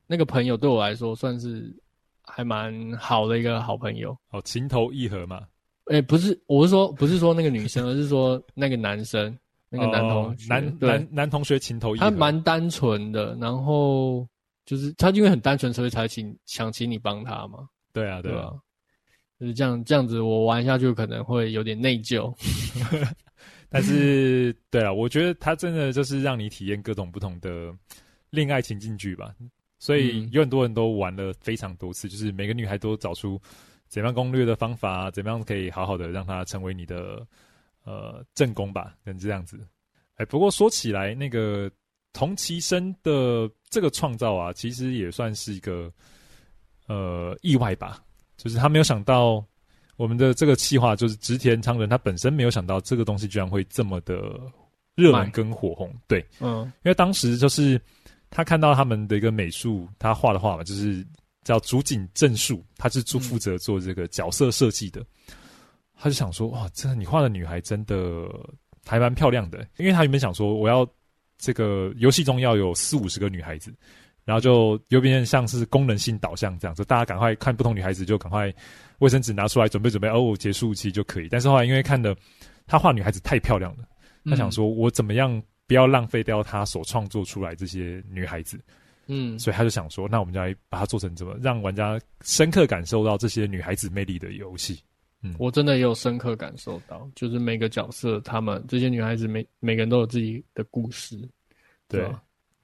那個朋友對我來說算是還蠻好的一個好朋友。哦，情投意合嘛？哎、欸，不是，我是說，不是說那個女生， 而是說那個男生。那個男同學，呃、男男男同學情投意合，他蠻單純的，然後就是他因為很單純，所以才請想請你幫他嘛，對、啊。對啊，對啊，就是這樣這樣子，我玩下去可能會有點內疚， 但是對啊，我覺得他真的就是讓你體驗各種不同的戀愛情境劇吧。所以有很多人都玩了非常多次，嗯，就是每個女孩都找出怎樣攻略的方法，怎樣可以好好的讓她成為你的。呃，正宮吧，跟這樣子。哎、欸，不過說起來，那個同級生的這個創造啊，其實也算是一個呃意外吧。就是他沒有想到，我們的這個企劃，就是蛭田昌人他本身沒有想到這個東西居然會這麼的熱門跟火紅。對，嗯，因為當時就是他看到他們的一個美術，他畫的畫嘛，就是叫竹井正樹，他是主負責做這個角色設計的。嗯他就想說：“哇，真的，你畫的女孩真的還蠻漂亮的欸。”因為他原本想說：“我要這個遊戲中要有四五十個女孩子，然後就有點像是功能性導向這樣子，大家趕快看不同女孩子，就趕快衛生紙拿出來準備準備，哦，結束期就可以。”但是後來因為看的他畫的女孩子太漂亮了，他想說：“我怎麼樣不要浪費掉他所創作出來這些女孩子？”嗯，所以他就想說：“那我們就來把它做成怎麼讓玩家深刻感受到這些女孩子魅力的遊戲。”我真的也有深刻感受到，就是每個角色，他們這些女孩子，每每個人都有自己的故事，對，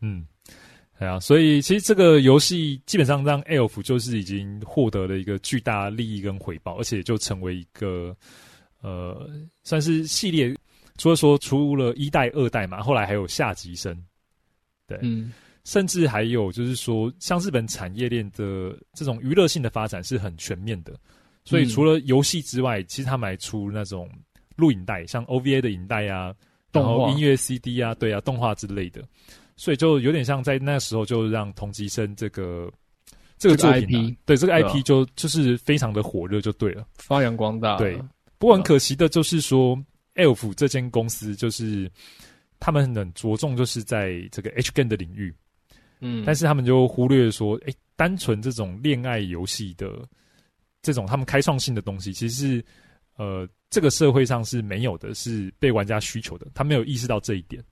嗯，對啊，所以其實這個遊戲基本上讓 Elf 就是已經獲得了一個巨大利益跟回報，而且就成為一個呃，算是系列，除了說除了一代、二代嘛，後來還有下級生，對，嗯，甚至還有就是說，像日本產業鏈的這種娛樂性的發展是很全面的。所以除了遊戲之外、嗯，其實他們還出那種錄影帶，像 O V A 的影帶啊，動畫，然後音樂 C D 啊，對啊，動畫之類的，所以就有點像在那時候就讓同級生這個這個作品、啊這個 IP，對這個 IP，對這個 I P 就就是非常的火熱，就對了，發揚光大。對，不過很可惜的就是說、啊、，Elf 這間公司就是他們很着重就是在這個 H-game 的領域，嗯，但是他們就忽略說，哎、欸，單純這種戀愛遊戲的。這種他們開創性的東西，其實是，是呃，這個社會上是沒有的，是被玩家需求的。他沒有意識到這一點，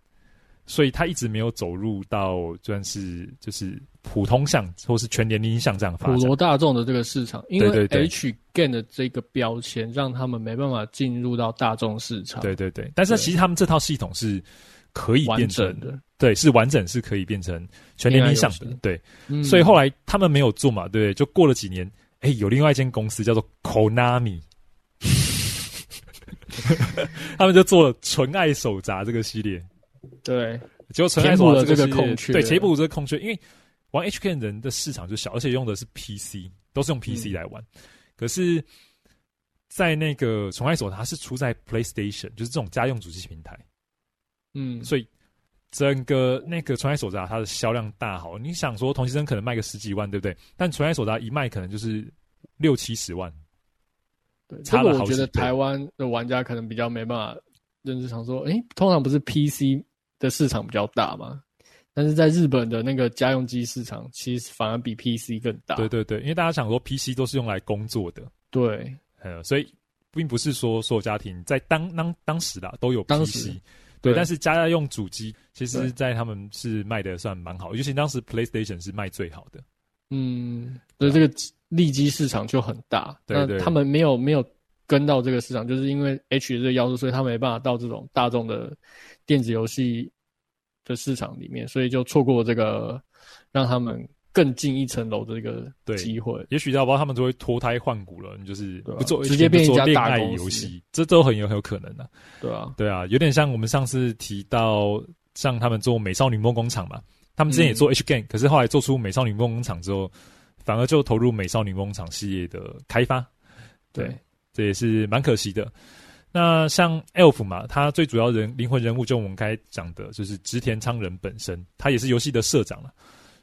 所以他一直沒有走入到算是就是普通向或是全年齡向這樣發展普羅大眾的這個市場。因為 H game 的這個標籤，讓他們沒辦法進入到大眾市場。對，對對對。但是其實他們這套系統是可以變成完整的，對，是完整是可以變成全年齡向的,的。對、嗯，所以後來他們沒有做嘛，對，就過了幾年。哎、欸，有另外一間公司叫做 Konami， 他們就做了《純愛手札》這個系列。對，結果《純愛手札、就是》這個空缺，對，填補這個空缺，因為玩 HK 人的市場就小，而且用的是 PC，都是用 PC 來玩。嗯、可是，在那個《純愛手》，它是出在 PlayStation，就是這種家用主機平台。嗯，所以。整個那個純愛手札，它的銷量大好。你想說，同級生可能賣個十幾萬，對不對？但純愛手札一賣，可能就是六七十萬。對，差了好幾倍，這個我覺得台灣的玩家可能比較沒辦法認知，想說，哎，通常不是 PC 的市場比較大嘛？但是在日本的那個家用機市場，其實反而比 PC 更大。對對對，因為大家想說 PC 都是用來工作的。對，呃、所以並不是說所有家庭在當當當時啦，都有 PC。當時對，但是家用主機其實，在他們是賣算的算蠻好，尤其是當時 PlayStation 是賣最好的。嗯，所以、啊、這個利基市場就很大。對對對，那他們沒有沒有跟到這個市場，就是因為 H 這個要素，所以他們沒辦法到這種大眾的電子遊戲的市場裡面，所以就錯過這個讓他們、嗯。更進一層樓的一個機會對，也許我不知道他們就會脫胎換骨了，你就是不做直接變做戀愛遊戲，這都很有很有可能的、啊，對啊，對啊，有點像我們上次提到，像他們做《美少女夢工廠》嘛，他們之前也做 H game，、嗯、可是後來做出《美少女夢工廠》之後，反而就投入《美少女夢工廠》系列的開發，對，對這也是蠻可惜的。那像 Elf 嘛，他最主要人靈魂人物就我們該講的，就是蛭田昌人本身，他也是遊戲的社長了。.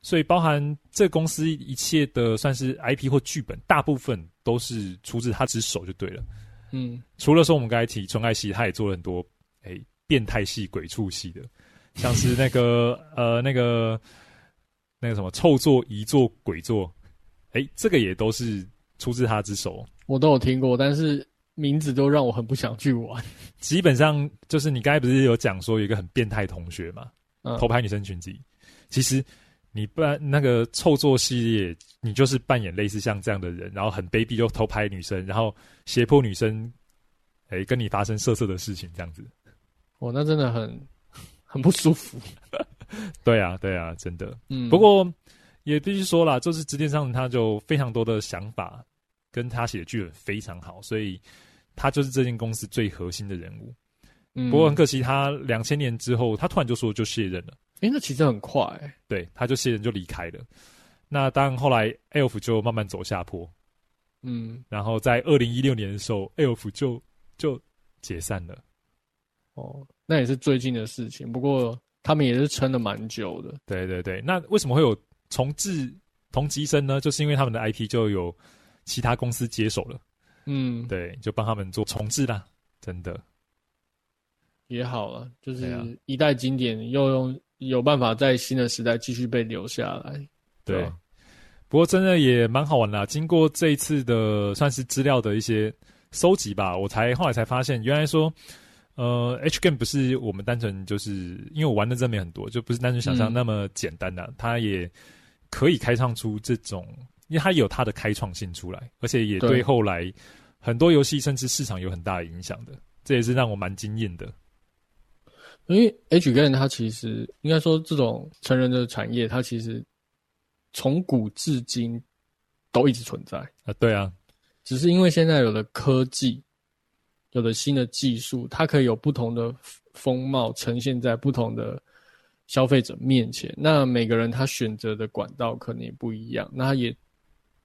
所以，包含這公司一切的，算是 IP 或劇本，大部分都是出自他之手就對了。嗯，除了說我們剛才提純愛系，他也做了很多，哎，變態系、鬼畜系的，像是那個呃，那個那個什麼臭作、遺作、鬼作，哎，這個也都是出自他之手。我都有聽過，但是名字都讓我很不想去玩。 基本上就是你剛才不是有講說有一個很變態同學嘛，嗯、偷拍女生裙子，其實。你不然那個臭作系列，你就是扮演類似像這樣的人，然後很卑鄙，就偷拍女生，然後脅迫女生，欸，跟你發生色色的事情，這樣子。哦，那真的很很不舒服。 對啊，對啊，真的。嗯。不過也必須說啦，就是直接上他就非常多的想法，跟他寫的劇本非常好，所以他就是這間公司最核心的人物。嗯。不過很可惜，他兩千年之後，他突然就說就卸任了。哎、欸，那其實很快、欸，對，他就卸任就離開了。那當後來，艾爾夫就慢慢走下坡，嗯，然後在二零一六年的時候，艾爾夫就就解散了。哦，那也是最近的事情，不過他們也是撐了蠻久的。對對對，那為什麼會有重製同級生呢？就是因為他們的 IP 就由其他公司接手了。嗯，對，就幫他們做重製啦，真的也好了，就是一代經典又用有辦法在新的時代繼續被留下來，對。啊、不過真的也蠻好玩的，啊。經過這一次的算是資料的一些蒐集吧，我才後來才發現，原來說，呃，H game 不是我們單純就是因為我玩的真沒很多，就不是單純想象那麼簡單的，啊嗯。它也可以開創出這種，因為它有它的開創性出來，而且也對後來很多遊戲甚至市場有很大的影響的。這也是讓我蠻驚艷的。因為 H Game 它其實應該說，這種成人的產業，它其實從古至今都一直存在啊。對啊，只是因為現在有了科技，有了新的技術，它可以有不同的風貌呈現在不同的消費者面前。那每個人他選擇的管道可能也不一樣。那他也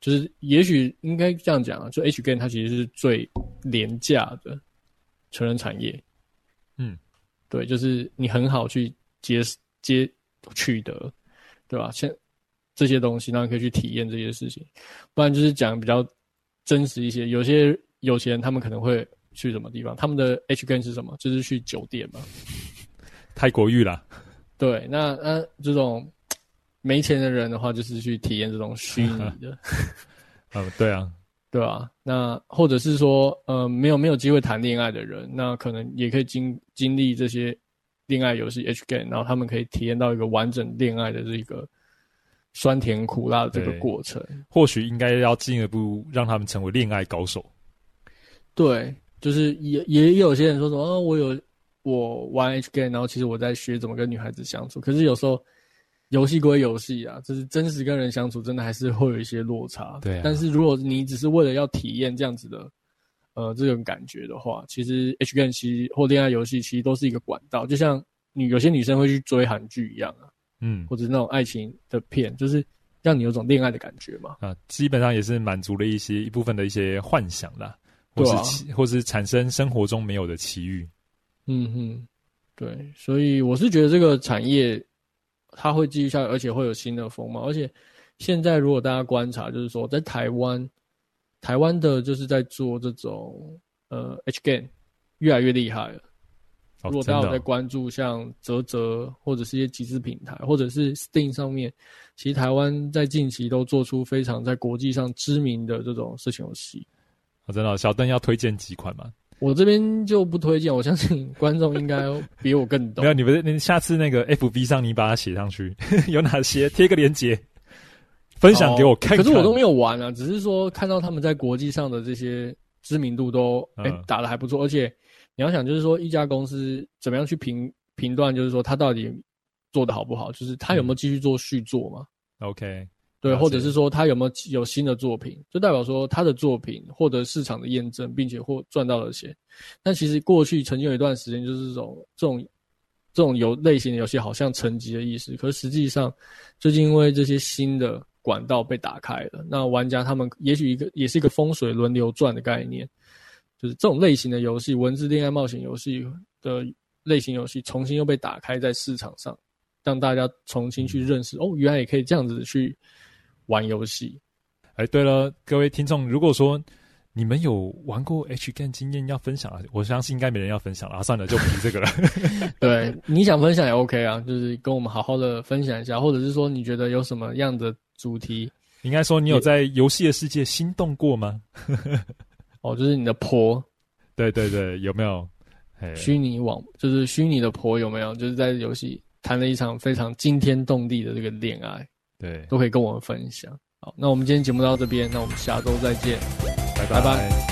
就是，也許應該這樣講啊，就 H Game 它其實是最廉價的成人產業。對，就是你很好去接接取得，對吧？像這些東西，那可以去體驗這些事情。不然就是講比較真實一些，有些有錢人他們可能會去什麼地方？他們的 H Game 是什麼？就是去酒店嘛。泰國浴啦。對，那那這種沒錢的人的話，就是去體驗這種虛擬的。 嗯，對啊。對啊，那或者是說，呃，沒有沒有機會談戀愛的人，那可能也可以經經歷這些戀愛遊戲 H game，然後他們可以體驗到一個完整戀愛的這個酸甜苦辣的這個過程。或許應該要進一步讓他們成為戀愛高手。對，就是也也有些人說什麼、哦，我有我玩 H game，然後其實我在學怎麼跟女孩子相處，可是有時候。遊戲歸遊戲啊，就是真實跟人相處，真的還是會有一些落差。對、啊，但是如果你只是為了要體驗這樣子的，呃，這種感覺的話，其實 H game 其實或戀愛遊戲其實都是一個管道，就像女有些女生會去追韓劇一樣啊，嗯，或者是那種愛情的片，就是讓你有種戀愛的感覺嘛。啊，基本上也是滿足了一些一部分的一些幻想啦，或是、啊、或是產生生活中沒有的奇遇。嗯哼，對，所以我是覺得這個產業。它會繼續下來，而且會有新的風貌。而且現在，如果大家觀察，就是說在台灣，台灣的就是在做這種呃 H Game 越來越厲害了，哦。如果大家有在關注像澤澤或者是一些集資平台，或者是 Steam 上面，其實台灣在近期都做出非常在國際上知名的這種事情遊戲。好，哦，真的，哦，小鄧要推薦幾款嗎？我這邊就不推薦，我相信觀眾應該比我更懂。 沒有，你不是你下次那個 FB 上你把它寫上去， 有哪些貼個鏈接， 分享給我看，看、哦。可是我都沒有玩啊，只是說看到他們在國際上的這些知名度都哎、欸嗯、打得還不錯，而且你要想就是說一家公司怎麼樣去評評斷，就是說他到底做的好不好，就是他有沒有繼續做續作嘛、嗯、？OK。對，或者是說他有沒有有新的作品，就代表說他的作品獲得市場的驗證，並且獲賺到了錢。那其實過去曾經有一段時間，就是這種這種這種遊類型的遊戲，好像沉寂的意思。可是實際上，最近因為這些新的管道被打開了，那玩家他們也許一個也是一個風水輪流轉的概念，就是這種類型的遊戲，文字戀愛冒險遊戲的類型遊戲重新又被打開在市場上，讓大家重新去認識哦，原來也可以這樣子去。玩遊戲，哎、欸，對了，各位聽眾，如果說你們有玩過 H Game 經驗要分享啊，我相信應該沒人要分享了啊，算了，就不提這個了。 對，你想分享也 OK 啊，就是跟我們好好的分享一下，或者是說你覺得有什麼樣的主題？你應該說你有在遊戲的世界心動過嗎？ 哦，就是你的婆？對對對，有沒有虛擬網？就是虛擬的婆有沒有？就是在遊戲談了一場非常驚天動地的這個戀愛。對，都可以跟我們分享。好，那我們今天節目到這邊，那我們下周再見，拜拜。拜拜。